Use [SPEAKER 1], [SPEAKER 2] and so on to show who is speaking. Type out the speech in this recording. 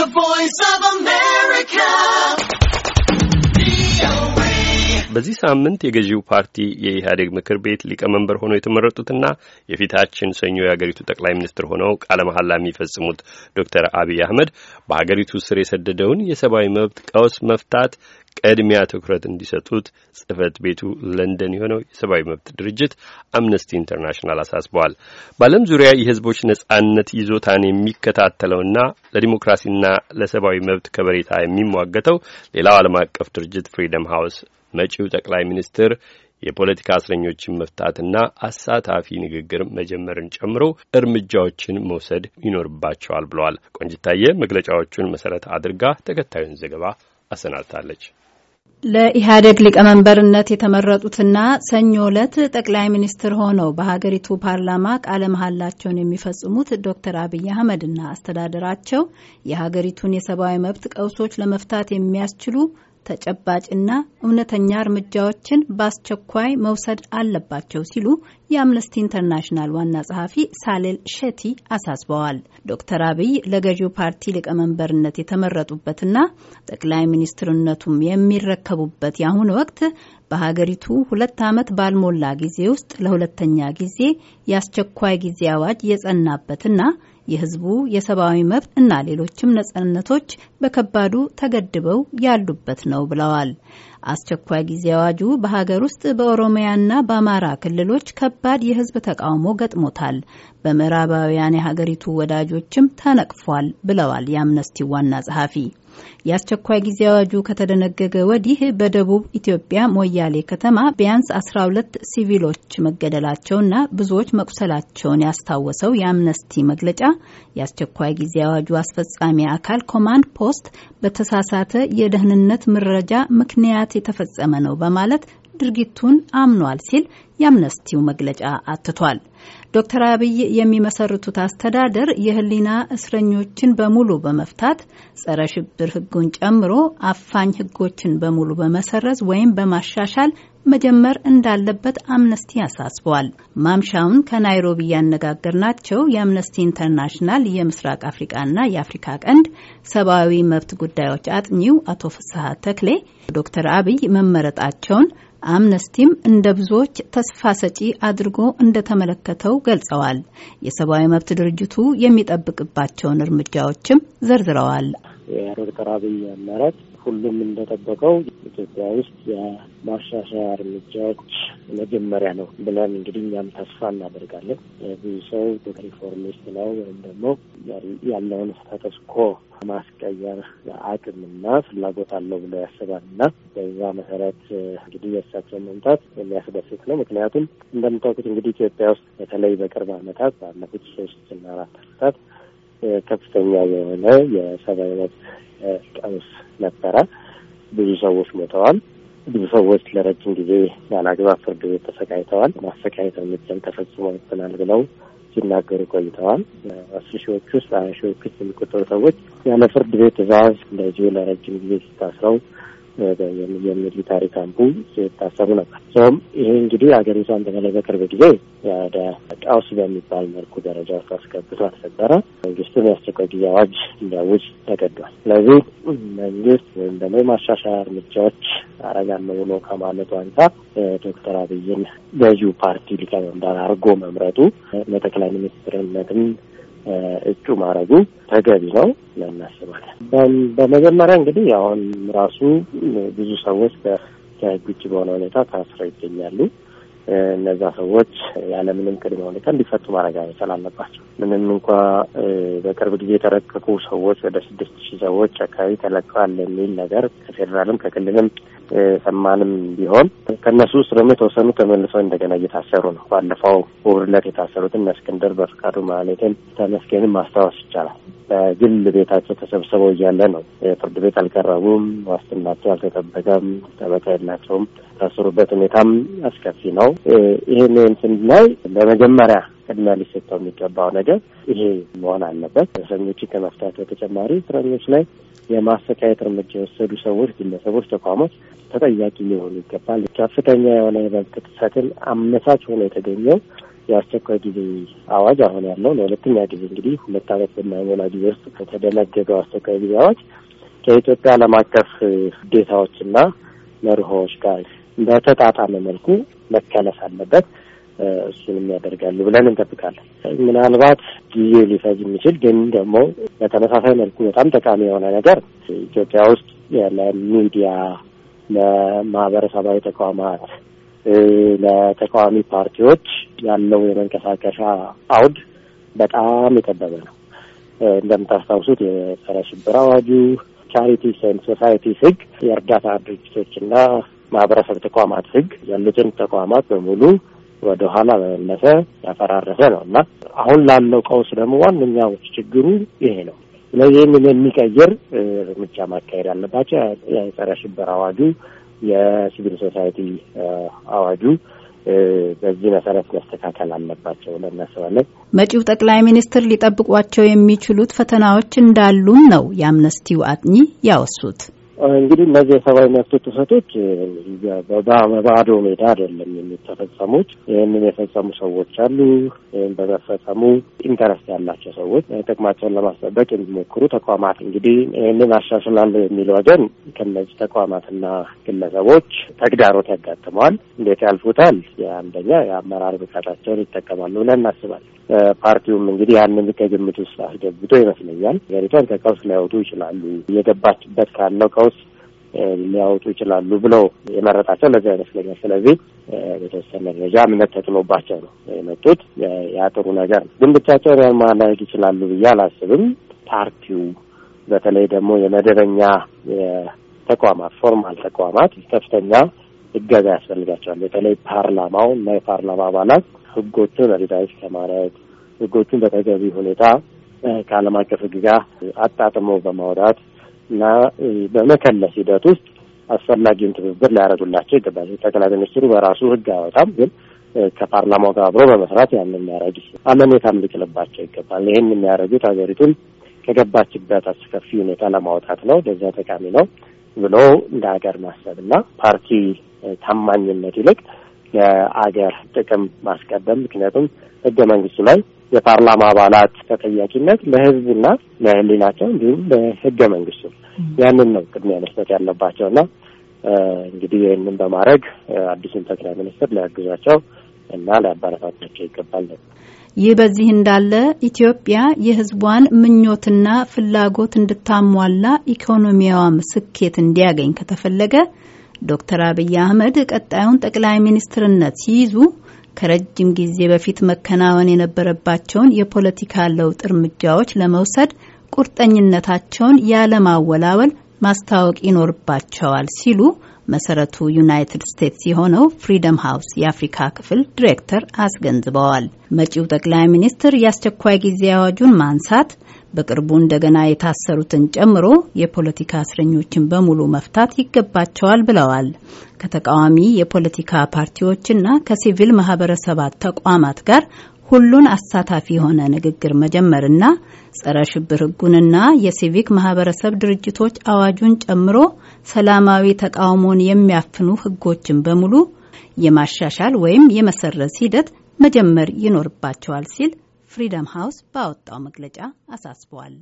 [SPEAKER 1] The Voice of man.
[SPEAKER 2] በዚህ ሳምንት የገዢው ፓርቲ የኢህአዴግ ምክር ቤት ሊቀመንበር ሆነው የተመረጡትና የፊታችን ሰኞ የአገሪቱ ጠቅላይ ሚኒስትር ሆነው ቃለ መሐላ የሚፈጽሙት ዶክተር አብይ አህመድ በሀገሪቱ ስር የሰደደውን የሰብአዊ መብት ቀውስ መፍታት ቅድሚያ ትኩረት እንዲሰጡት ጽህፈት ቤቱ ለንደን የሆነው የሰብአዊ መብት ድርጅት አምነስቲ ኢንተርናሽናል አሳስበዋል። በዓለም ዙሪያ የህዝቦች ነጻነት ይዞታን የሚከታተለውና ለዲሞክራሲና ለሰብአዊ መብት ከበሬታ የሚሟገተው ሌላው ዓለም አቀፍ ድርጅት ፍሪደም ሃውስ መጪው ጠቅላይ ሚኒስትር የፖለቲካ እስረኞችን መፍታትና አሳታፊ ንግግር መጀመርን ጨምሮ እርምጃዎችን መውሰድ ይኖርባቸዋል ብለዋል። ቆንጅታየ መግለጫዎቹን መሰረት አድርጋ ተከታዩን ዘገባ አሰናድታለች።
[SPEAKER 1] ለኢህአዴግ ሊቀመንበርነት የተመረጡትና ሰኞ ዕለት ጠቅላይ ሚኒስትር ሆነው በሀገሪቱ ፓርላማ ቃለ መሐላቸውን የሚፈጽሙት ዶክተር አብይ አህመድና አስተዳደራቸው የሀገሪቱን የሰብአዊ መብት ቀውሶች ለመፍታት የሚያስችሉ እና እውነተኛ እርምጃዎችን በአስቸኳይ መውሰድ አለባቸው ሲሉ የአምነስቲ ኢንተርናሽናል ዋና ጸሐፊ ሳሌል ሼቲ አሳስበዋል። ዶክተር አብይ ለገዢው ፓርቲ ሊቀመንበርነት የተመረጡበትና ጠቅላይ ሚኒስትርነቱም የሚረከቡበት የአሁኑ ወቅት በሀገሪቱ ሁለት ዓመት ባልሞላ ጊዜ ውስጥ ለሁለተኛ ጊዜ የአስቸኳይ ጊዜ አዋጅ የጸናበትና የህዝቡ የሰብአዊ መብት እና ሌሎችም ነጻነቶች በከባዱ ተገድበው ያሉበት ነው ብለዋል። አስቸኳይ ጊዜ አዋጁ በሀገር ውስጥ በኦሮሚያና በአማራ ክልሎች ከባድ የህዝብ ተቃውሞ ገጥሞታል፣ በምዕራባውያን የሀገሪቱ ወዳጆችም ተነቅፏል ብለዋል የአምነስቲ ዋና ጸሐፊ። የአስቸኳይ ጊዜ አዋጁ ከተደነገገ ወዲህ በደቡብ ኢትዮጵያ ሞያሌ ከተማ ቢያንስ 12 ሲቪሎች መገደላቸውና ብዙዎች መቁሰላቸውን ያስታወሰው የአምነስቲ መግለጫ የአስቸኳይ ጊዜ አዋጁ አስፈጻሚ አካል ኮማንድ ፖስት በተሳሳተ የደህንነት መረጃ ምክንያት የተፈጸመ ነው በማለት ድርጊቱን አምኗል ሲል የአምነስቲው መግለጫ አትቷል። ዶክተር አብይ የሚመሰርቱት አስተዳደር የህሊና እስረኞችን በሙሉ በመፍታት ጸረ ሽብር ህጉን ጨምሮ አፋኝ ህጎችን በሙሉ በመሰረዝ ወይም በማሻሻል መጀመር እንዳለበት አምነስቲ አሳስበዋል። ማምሻውን ከናይሮቢ ያነጋገርናቸው የአምነስቲ ኢንተርናሽናል የምስራቅ ና የአፍሪካ ቀንድ ሰብአዊ መብት ጉዳዮች አጥኚው አቶ ፍስሀ ተክሌ ዶክተር አብይ መመረጣቸውን አምነስቲም እንደ ብዙዎች ተስፋ ሰጪ አድርጎ እንደተመለከተው ገልጸዋል። የሰብአዊ መብት ድርጅቱ የሚጠብቅባቸውን እርምጃዎችም ዘርዝረዋል።
[SPEAKER 2] የዶክተር አብይ መረት ሁሉም እንደጠበቀው ኢትዮጵያ ውስጥ የማሻሻያ እርምጃዎች መጀመሪያ ነው ብለን እንግዲህ እኛም ተስፋ እናደርጋለን። ብዙ ሰው ሪፎርሚስት ነው ወይም ደግሞ ያለውን ስታተስ ኮ ማስቀየር አቅምና ፍላጎት አለው ብሎ ያስባል እና በዛ መሰረት እንግዲህ የእሳቸው መምጣት የሚያስደስት ነው። ምክንያቱም እንደምታውቁት እንግዲህ ኢትዮጵያ ውስጥ በተለይ በቅርብ ዓመታት ባለፉት ሶስት እና አራት ዓመታት ከፍተኛ የሆነ የሰብአዊ መብት ቀውስ ነበረ። ብዙ ሰዎች ሞተዋል። ብዙ ሰዎች ለረጅም ጊዜ ያላግባብ ፍርድ ቤት ተሰቃይተዋል። ማሰቃየት እርምጃም ተፈጽሞብናል ብለው ሲናገሩ ቆይተዋል። አስር ሺዎች ውስጥ ሀያ ሺዎች ውስጥ የሚቆጠሩ ሰዎች ያለ ፍርድ ቤት ትዕዛዝ እንደዚሁ ለረጅም ጊዜ ሲታስረው የሚል ታሪክ አንዱ የታሰቡ ነበር። ም ይሄ እንግዲህ ሀገሪቷን በተለይ በቅርብ ጊዜ ወደ ቀውስ በሚባል መልኩ ደረጃ ውስጥ አስገብቷት ነበረ። መንግስቱን የአስቸኳይ ጊዜ አዋጅ እንዲያውጅ ተገዷል። ስለዚህ መንግስት ወይም ደግሞ የማሻሻያ እርምጃዎች አረጋለሁ ብሎ ከማለቱ አንጻር ዶክተር አብይን ገዢው ፓርቲ ሊቀመንበር አድርጎ መምረጡ ለጠቅላይ ሚኒስትርነትም እጩ ማድረጉ ተገቢ ነው እናስባለን። በመጀመሪያ እንግዲህ አሁን ራሱ ብዙ ሰዎች ከህግ ውጭ በሆነ ሁኔታ ታስረው ይገኛሉ። እነዛ ሰዎች ያለምንም ቅድመ ሁኔታ እንዲፈቱ ማድረግ መቻል አለባቸው። ምንም እንኳ በቅርብ ጊዜ የተረቀቁ ሰዎች ወደ ስድስት ሺህ ሰዎች አካባቢ ተለቀዋል የሚል ነገር ከፌዴራልም ከክልልም ሰማንም ቢሆን ከእነሱ ውስጥ ደግሞ የተወሰኑ ተመልሰው እንደገና እየታሰሩ ነው። ባለፈው እሑድ የታሰሩትን እስክንድር በፍቃዱ ማለቴን ተመስገንም ማስታወስ ይቻላል። በግል ቤታቸው ተሰብስበው እያለ ነው ፍርድ ቤት አልቀረቡም፣ ዋስትናቸው አልተጠበቀም፣ ጠበቃ የላቸውም። ታሰሩበት ሁኔታም አስከፊ ነው። ይህን ስንል ላይ ለመጀመሪያ ቅድሚያ ሊሰጠው የሚገባው ነገር ይሄ መሆን አለበት። እስረኞችን ከመፍታት በተጨማሪ እስረኞች ላይ የማሰቃየት እርምጃ የወሰዱ ሰዎች፣ ግለሰቦች፣ ተቋሞች ተጠያቂ ሊሆኑ ይገባል። ከፍተኛ የሆነ የመብት ጥሰትን አመቻች ሆኖ የተገኘው የአስቸኳይ ጊዜ አዋጅ አሁን ያለው ለሁለተኛ ጊዜ እንግዲህ ሁለት ዓመት በማይሞላ ጊዜ ውስጥ ከተደነገገው አስቸኳይ ጊዜ አዋጅ ከኢትዮጵያ ዓለም አቀፍ ግዴታዎችና መርሆዎች ጋር በተጣጣመ መልኩ መከለስ አለበት። እሱንም ያደርጋሉ ብለን እንጠብቃለን። ምናልባት ጊዜ ሊፈጅ የሚችል ግን ደግሞ በተመሳሳይ መልኩ በጣም ጠቃሚ የሆነ ነገር ኢትዮጵያ ውስጥ ለሚዲያ፣ ለማህበረሰባዊ ተቋማት፣ ለተቃዋሚ ፓርቲዎች ያለው የመንቀሳቀሻ አውድ በጣም የጠበበ ነው። እንደምታስታውሱት የጸረ ሽብር አዋጁ ቻሪቲ ኤንድ ሶሳይቲ ህግ የእርዳታ ድርጅቶችና ማህበረሰብ ተቋማት ህግ ያሉትን ተቋማት በሙሉ ወደ ኋላ በመለሰ ያፈራረሰ ነው እና አሁን ላለው ቀውስ ደግሞ ዋነኛው ችግሩ ይሄ ነው። ስለዚህ ይህንን የሚቀይር እርምጃ ማካሄድ አለባቸው። የጸረ ሽብር አዋጁ፣ የሲቪል ሶሳይቲ አዋጁ በዚህ መሰረት መስተካከል አለባቸው ለእናስባለን።
[SPEAKER 1] መጪው ጠቅላይ ሚኒስትር ሊጠብቋቸው የሚችሉት ፈተናዎች እንዳሉም ነው የአምነስቲው አጥኚ ያወሱት።
[SPEAKER 2] እንግዲህ እነዚህ የሰብአዊ መብት ጥሰቶች በባዶ ሜዳ አይደለም የሚተፈጸሙት። ይህንን የፈጸሙ ሰዎች አሉ። ይህም በመፈጸሙ ኢንተረስት ያላቸው ሰዎች ጥቅማቸውን ለማስጠበቅ የሚሞክሩ ተቋማት እንግዲህ ይህንን አሻሽላለሁ የሚል ወገን ከነዚህ ተቋማትና ግለሰቦች ተግዳሮት ያጋጥመዋል። እንዴት ያልፉታል? አንደኛ የአመራር ብቃታቸውን ይጠቀማሉ ብለን እናስባለን። ፓርቲውም እንግዲህ ያንን ከግምት ውስጥ አስገብቶ ይመስለኛል ሀገሪቷን ከቀውስ ሊያወጡ ይችላሉ። እየገባችበት ካለው ቀውስ ሊያወጡ ይችላሉ ብለው የመረጣቸው ለዚ አይመስለኛል። ስለዚህ በተወሰነ ደረጃ እምነት ተጥሎባቸው ነው የመጡት። ያጥሩ ነገር ነው። ግን ብቻቸው ሪያል ማላየት ይችላሉ ብዬ አላስብም። ፓርቲው በተለይ ደግሞ የመደበኛ ተቋማት ፎርማል ተቋማት ከፍተኛ እገዛ ያስፈልጋቸዋል። በተለይ ፓርላማው እና የፓርላማ አባላት ህጎቹን ሪዳይስ ከማድረግ ህጎቹን በተገቢ ሁኔታ ከዓለም አቀፍ ህግ ጋር አጣጥሞ በማውጣት እና በመከለስ ሂደት ውስጥ አስፈላጊውን ትብብር ሊያደርጉላቸው ይገባል። ጠቅላይ ሚኒስትሩ በራሱ ህግ አወጣም፣ ግን ከፓርላማው ጋር አብሮ በመስራት ያን የሚያደርግ አመኔታም ሊጥልባቸው ይገባል። ይህን የሚያደርጉት ሀገሪቱን ከገባችበት አስከፊ ሁኔታ ለማውጣት ነው። ለዛ ጠቃሚ ነው ብሎ እንደ ሀገር ማሰብ እና ፓርቲ ታማኝነት ይልቅ የአገር ጥቅም ማስቀደም ምክንያቱም ህገ መንግስቱ ላይ የፓርላማ አባላት ተጠያቂነት ለህዝቡና ለህሊናቸው እንዲሁም ለህገ መንግስቱ ያንን ነው ቅድሚያ መስጠት ያለባቸውና እንግዲህ ይህንን በማድረግ አዲሱን ጠቅላይ ሚኒስትር ሊያግዟቸው እና ሊያበረታታቸው ይገባል።
[SPEAKER 1] ይህ በዚህ እንዳለ ኢትዮጵያ የህዝቧን ምኞትና ፍላጎት እንድታሟላ ኢኮኖሚያዋም ስኬት እንዲያገኝ ከተፈለገ ዶክተር አብይ አህመድ ቀጣዩን ጠቅላይ ሚኒስትርነት ሲይዙ ከረጅም ጊዜ በፊት መከናወን የነበረባቸውን የፖለቲካ ለውጥ እርምጃዎች ለመውሰድ ቁርጠኝነታቸውን ያለማወላወል ማስታወቅ ይኖርባቸዋል ሲሉ መሰረቱ ዩናይትድ ስቴትስ የሆነው ፍሪደም ሃውስ የአፍሪካ ክፍል ዲሬክተር አስገንዝበዋል። መጪው ጠቅላይ ሚኒስትር የአስቸኳይ ጊዜ አዋጁን ማንሳት በቅርቡ እንደገና የታሰሩትን ጨምሮ የፖለቲካ እስረኞችን በሙሉ መፍታት ይገባቸዋል ብለዋል። ከተቃዋሚ የፖለቲካ ፓርቲዎችና ከሲቪል ማህበረሰባት ተቋማት ጋር ሁሉን አሳታፊ የሆነ ንግግር መጀመርና ጸረ ሽብር ህጉንና የሲቪክ ማህበረሰብ ድርጅቶች አዋጁን ጨምሮ ሰላማዊ ተቃውሞን የሚያፍኑ ህጎችን በሙሉ የማሻሻል ወይም የመሰረዝ ሂደት መጀመር ይኖርባቸዋል ሲል ፍሪደም ሃውስ ባወጣው መግለጫ አሳስቧል።